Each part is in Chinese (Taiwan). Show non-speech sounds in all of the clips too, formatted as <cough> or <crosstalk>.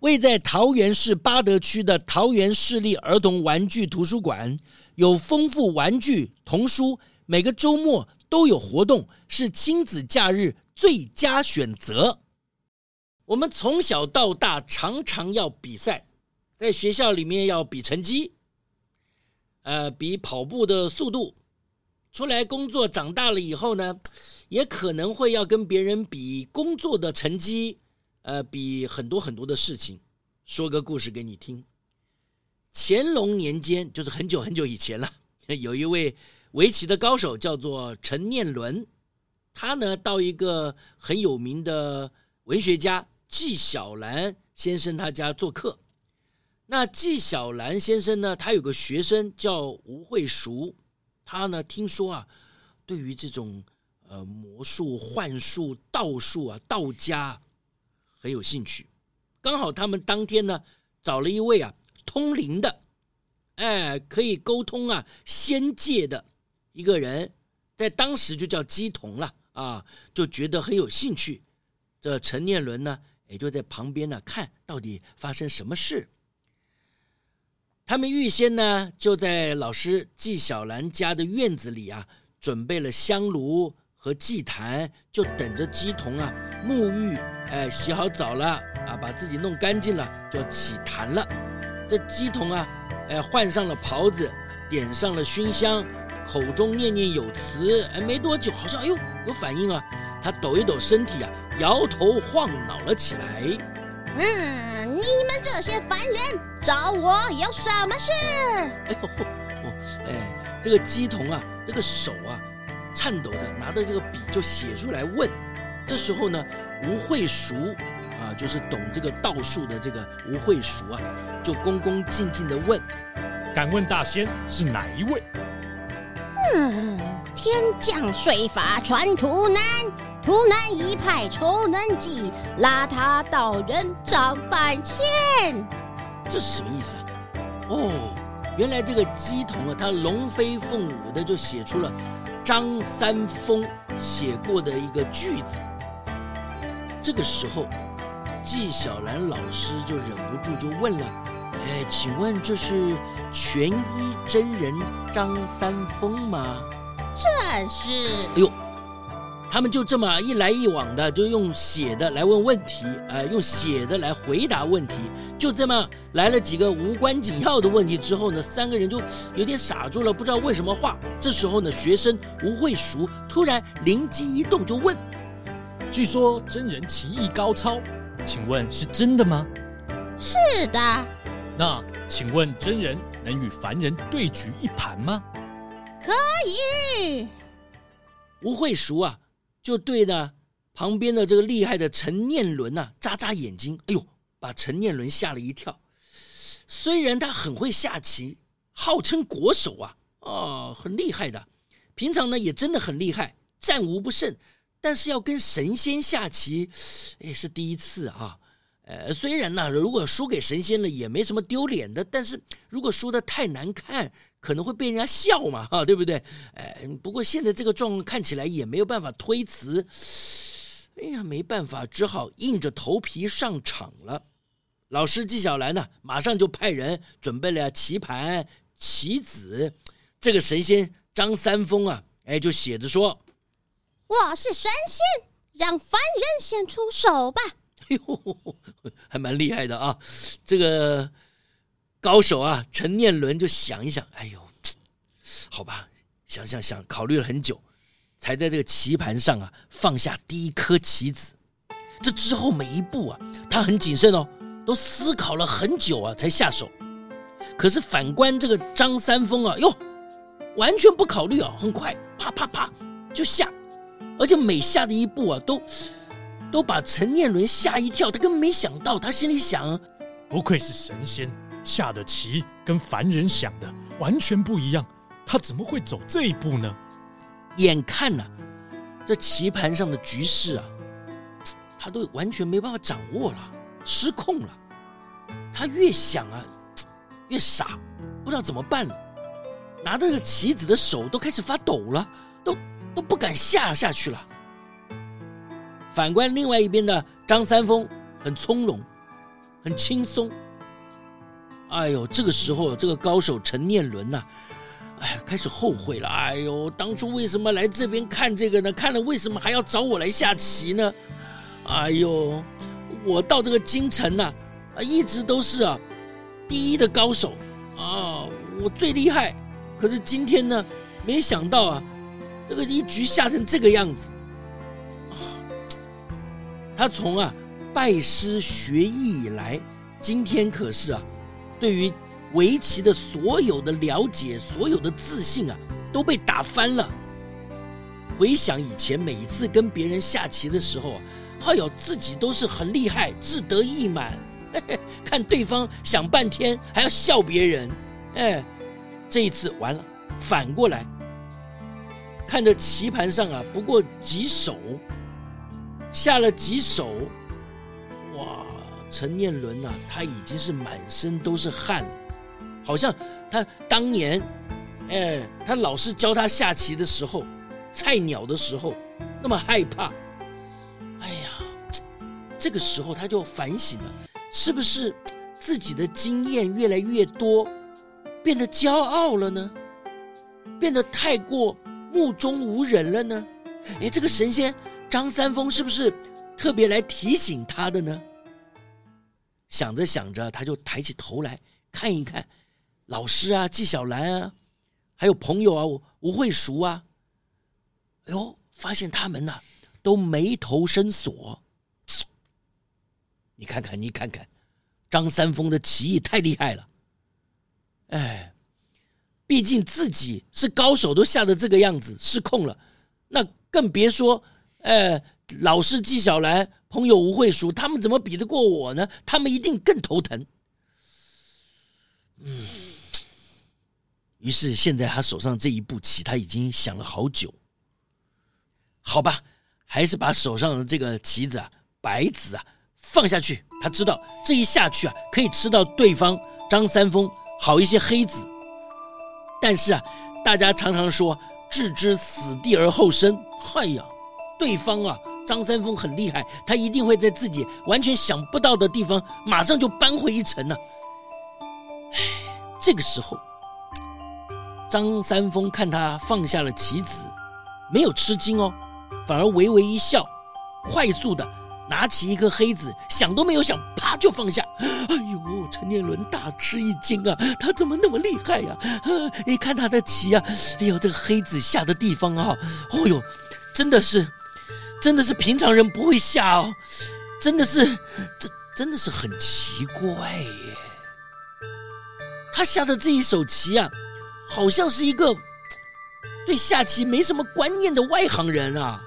位在桃園市八德區的桃園市立兒童玩具圖書館有豐富玩具童書，每個周末都有活動，是親子假日最佳選擇。我們從小到大常常要比賽，在學校裡面要比成績，呃，比跑步的速度。出來工作長大了以後呢，也可能會要跟別人比工作的成績。呃，比很多很多的事情，說個故事給你聽。乾隆年間，就是很久很久以前了，有一位圍棋的高手叫做陳念倫，他呢到一個很有名的文學家紀曉嵐先生他家做客。那紀曉嵐先生呢，他有個學生叫吳惠叔，他呢聽說啊，對於這種呃魔術、幻術、道術啊，道家。很有興趣，剛好他們當天呢找了一位啊通靈的，哎，可以溝通啊仙界的一個人，在當時就叫乩童了啊，就覺得很有興趣。這陳念倫呢也就在旁邊呢看到底發生什麼事。他們預先呢就在老師紀曉嵐家的院子裡啊準備了香爐，和祭壇就等着乩童啊沐浴，哎洗好澡了啊，把自己弄乾淨了，就要起壇了。這乩童啊，哎換上了袍子，點上了熏香，口中念念有詞。哎，沒多久好像哎呦有反應啊，他抖一抖身體啊，搖頭晃腦了起來。嗯，你們這些凡人找我有什麼事？哎呦，我哎這個乩童啊，這個手啊。顫抖的拿着這個筆就寫出來問，這時候呢，吳會熟，啊，就是懂這個道術的這個吳會熟啊，就恭恭敬敬的問，敢問大仙是哪一位？嗯，天降睡法傳圖南，圖南一派仇能記，邋遢道人張半仙。這是什麼意思啊？哦，原來這個乩童啊，他龍飛鳳舞的就寫出了。張三豐寫過的一個句子。這個時候，紀曉嵐老師就忍不住就問了：“哎，請問這是全一真人張三豐嗎？”“這是。”哎呦。他們就這麼一來一往的，就用寫的來問問題，呃，用寫的來回答問題，就這麼來了幾個無關緊要的問題之後呢，三個人就有點傻住了，不知道問什麼話。這時候呢，學生吳慧熟突然靈機一動，就問：“據說真人棋藝高超，請問是真的嗎？”“是的。”“那請問真人能與凡人對局一盤嗎？”“可以。”吳慧熟啊。就對着旁邊的這個厲害的陳念倫呢、啊，眨眨眼睛，哎呦，把陳念倫嚇了一跳。雖然他很會下棋，號稱國手啊，哦，很厲害的，平常呢也真的很厲害，戰無不勝。但是要跟神仙下棋也、哎、是第一次啊。呃，雖然呢，如果輸給神仙了也沒什麼丟臉的，但是如果輸得太難看，可能會被人家笑嘛，哈，對不對？哎，呃，不過現在這個狀況看起來也沒有辦法推辭，哎呀，沒辦法，只好硬着頭皮上場了。老師紀曉嵐呢，馬上就派人準備了棋盤、棋子。這個神仙張三豐啊，哎，就寫着說：“我是神仙，讓凡人先出手吧。”哎呦，還蠻厲害的啊！這個高手啊，陳念倫就想一想，哎呦，好吧，想想想，考慮了很久，才在這個棋盤上啊放下第一顆棋子。這之後每一步啊，他很謹慎哦，都思考了很久啊才下手。可是反觀這個張三豐啊，喲，完全不考慮啊，很快啪啪啪就下，而且每下的一步啊都。都把陳念倫嚇一跳，他根本沒想到。他心裡想：不愧是神仙，下的棋跟凡人想的完全不一樣。他怎麼會走這一步呢？眼看吶、啊，這棋盤上的局勢啊，他都完全沒辦法掌握了，失控了。他越想啊，越傻，不知道怎麼辦了。拿着個棋子的手都開始發抖了，都都不敢下下去了。反觀另外一邊的張三豐，很從容，很輕鬆。哎呦，這個時候，這個高手陳念倫吶、啊，哎，開始後悔了。哎呦，當初為什麼來這邊看這個呢？看了為什麼還要找我來下棋呢？哎呦，我到這個京城吶、啊，一直都是啊第一的高手啊、哦，我最厲害。可是今天呢，沒想到啊，這個一局下成這個樣子。他從啊拜師學藝以來，今天可是啊，對於圍棋的所有的了解、所有的自信啊，都被打翻了。回想以前每一次跟別人下棋的時候啊，好友自己都是很厲害、志得意滿，嘿嘿，看對方想半天還要笑別人。哎，這一次完了，反過來看着棋盤上啊，不過幾手。下了幾手，哇！陳念倫吶，他已經是滿身都是汗了，好像他當年，哎，他老師教他下棋的時候，菜鳥的時候，那麼害怕。哎呀，這個時候他就反省了，是不是自己的經驗越來越多，變得驕傲了呢？變得太過目中無人了呢？誒，這個神仙，張三豐是不是特別來提醒他的呢？想着想着，他就抬起頭來看一看，老師啊，紀曉嵐啊，還有朋友啊，吳吳慧熟啊，哎呦，發現他們吶、啊、都眉頭深鎖。你看看，你看看，張三豐的棋藝太厲害了。哎，畢竟自己是高手，都嚇得這個樣子失控了，那更別說。呃，老師紀曉嵐，朋友吳會書，他們怎麼比得過我呢？他們一定更頭疼。嗯，於是現在他手上這一步棋，他已經想了好久。好吧，還是把手上的這個棋子啊，白子啊，放下去。他知道這一下去啊，可以吃到對方張三丰好一些黑子。但是啊，大家常常說“置之死地而後生”，嗨呀。對方啊，張三丰很厲害，他一定會在自己完全想不到的地方，馬上就扳回一城呢、啊。哎，這個時候，張三丰看他放下了棋子，沒有吃驚哦，反而微微一笑，快速的拿起一顆黑子，想都沒有想，啪就放下。哎呦，陳年倫大吃一驚啊，他怎麼那麼厲害呀、啊？你、哎、看他的棋啊，哎呦，這個黑子下的地方啊，哦、哎、呦，真的是。真的是平常人不會下哦，真的是，這真的是很奇怪耶。他下的這一手棋啊，好像是一個對下棋沒什麼觀念的外行人啊，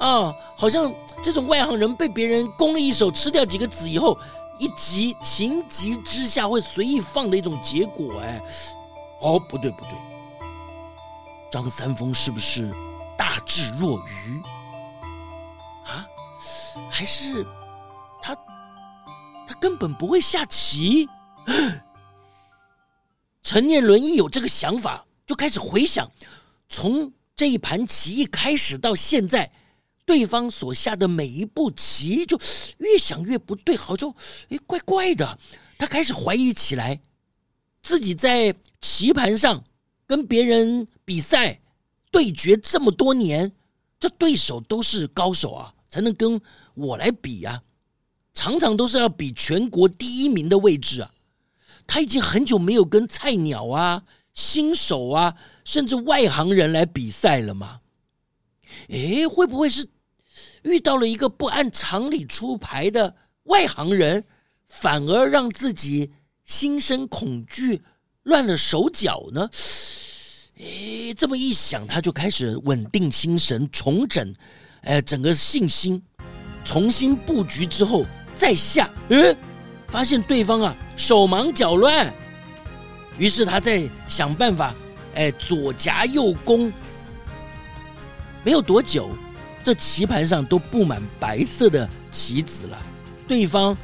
啊、哦，好像這種外行人被別人攻了一手，吃掉幾個子以後，一急情急之下會隨意放的一種結果哎。哦，不對不對，張三豐是不是大智若愚？還是他，他根本不會下棋。 <laughs> 陳念倫一有這個想法，就開始回想，從這一盤棋一開始到現在，對方所下的每一步棋，就越想越不對，好像哎怪怪的。他開始懷疑起來，自己在棋盤上跟別人比賽對決這麼多年，這對手都是高手啊。才能跟我來比啊，場場都是要比全國第一名的位置啊。他已經很久沒有跟菜鳥啊、新手啊，甚至外行人來比賽了嘛。哎，會不會是遇到了一個不按常理出牌的外行人，反而讓自己心生恐懼、亂了手腳呢？哎，這麼一想，他就開始穩定心神，重整。哎，整個信心重新布局之後再下，哎，發現對方啊手忙腳亂，於是他在想辦法，哎，左夾右攻。沒有多久，這棋盤上都佈滿白色的棋子了，對方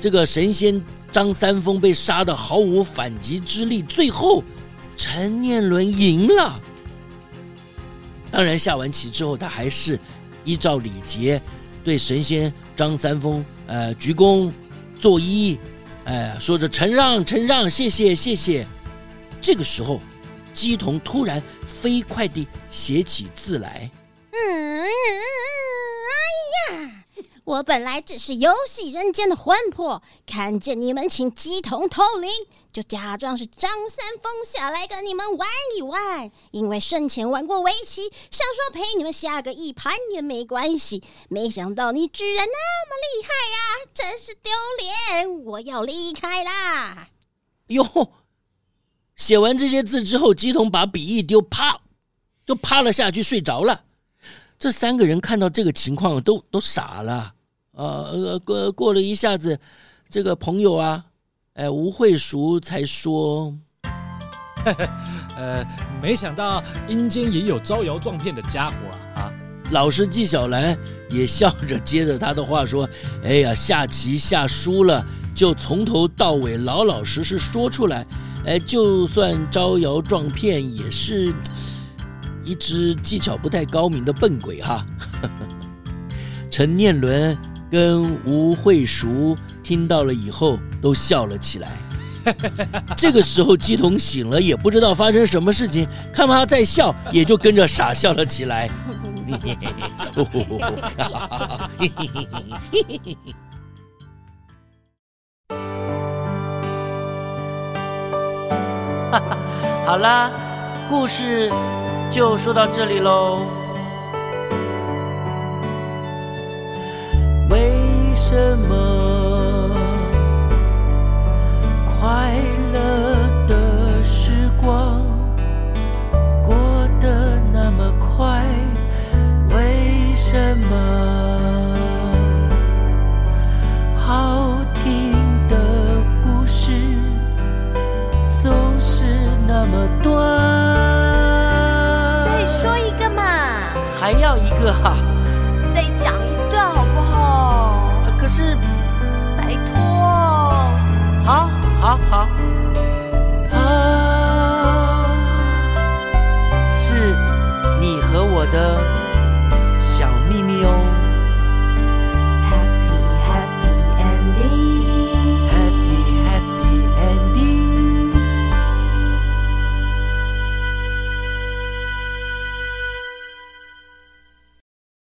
這個神仙張三豐被殺得毫無反擊之力，最後陳念倫贏了。當然，下完棋之後他還是。依照禮節，對神仙張三丰，呃，鞠躬、作揖，呃，說着承讓，承讓，謝謝，謝謝。這個時候，雞童突然飛快地寫起字來。嗯我本來只是遊戲人間的魂魄，看見你們請乩童通靈，就假裝是張三豐下來跟你們玩一玩。因為生前玩過圍棋，想說陪你們下個一盤也沒關係。沒想到你居然那麼厲害啊！真是丟臉，我要離開啦！喲吼，寫完這些字之後，乩童把筆一丟，啪，就趴了下去，睡着了。這三個人看到這個情況，都都傻了。呃，呃，過過了一下子，這個朋友啊，哎，吳惠淑才說， <laughs> 呃，沒想到陰間也有招搖撞騙的傢伙啊！啊，老師紀曉嵐也笑着接着他的話說，哎呀，下棋下輸了就從頭到尾老老實實說出來，哎，就算招搖撞騙，也是一隻技巧不太高明的笨鬼哈！ <laughs> 陳念倫。跟吳慧淑聽到了以後都笑了起來，這個時候雞同醒了，也不知道發生什麼事情，看到他在笑，也就跟着傻笑了起來。 <laughs> <laughs> 好啦，故事就說到這裡嘍。什麼？